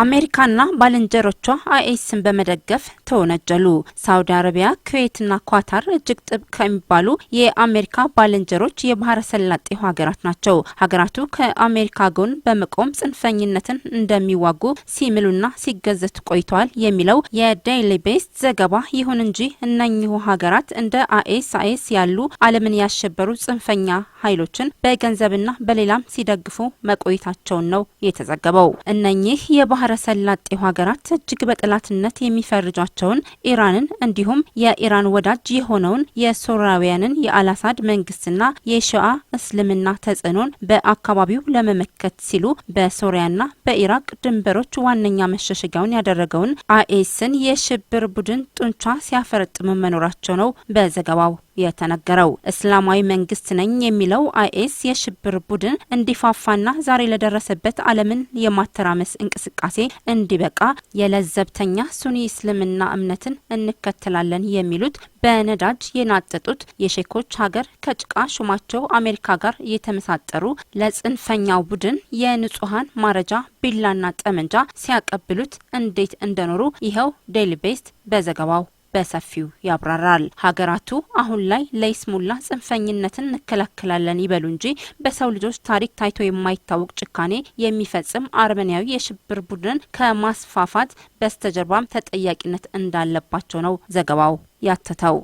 አሜሪካና ባልንጀሮቿ አይኤስን በመደገፍ ተወነጀሉ። ሳውዲ አረቢያ፣ ኩዌትና ኳታር እጅግ ጥብቅ ከሚባሉ የአሜሪካ ባልንጀሮች የባህረ ሰላጤው ሀገራት ናቸው። ሀገራቱ ከአሜሪካ ጎን በመቆም ጽንፈኝነትን እንደሚዋጉ ሲምሉና ሲገዘቱ ቆይተዋል የሚለው የዴይሊ ቤስት ዘገባ፣ ይሁን እንጂ እነኚሁ ሀገራት እንደ አይኤስ አይኤስ ያሉ ዓለምን ያሸበሩ ጽንፈኛ ኃይሎችን በገንዘብና በሌላም ሲደግፉ መቆየታቸውን ነው የተዘገበው። እነኚህ የባህረ ባህረ ሰላጤው ሀገራት እጅግ በጠላትነት የሚፈርጇቸውን ኢራንን እንዲሁም የኢራን ወዳጅ የሆነውን የሶራውያንን የአልአሳድ መንግስትና የሺአ እስልምና ተጽዕኖን በአካባቢው ለመመከት ሲሉ በሶሪያና በኢራቅ ድንበሮች ዋነኛ መሸሸጊያውን ያደረገውን አይኤስን የሽብር ቡድን ጡንቻ ሲያፈረጥሙ መኖራቸው ነው በዘገባው የተነገረው። እስላማዊ መንግስት ነኝ የሚለው አይኤስ የሽብር ቡድን እንዲፋፋና ዛሬ ለደረሰበት ዓለምን የማተራመስ እንቅስቃሴ እንዲበቃ የለዘብተኛ ሱኒ እስልምና እምነትን እንከተላለን የሚሉት በነዳጅ የናጠጡት የሼኮች ሀገር ከጭቃ ሹማቸው አሜሪካ ጋር የተመሳጠሩ ለጽንፈኛው ቡድን የንጹሀን ማረጃ ቢላና ጠመንጃ ሲያቀብሉት እንዴት እንደኖሩ ይኸው ዴይሊ ቤስት በዘገባው በሰፊው ያብራራል። ሀገራቱ አሁን ላይ ለይስሙላ ጽንፈኝነትን እንከላከላለን ይበሉ እንጂ በሰው ልጆች ታሪክ ታይቶ የማይታወቅ ጭካኔ የሚፈጽም አርመኒያዊ የሽብር ቡድን ከማስፋፋት በስተጀርባም ተጠያቂነት እንዳለባቸው ነው ዘገባው ያተተው።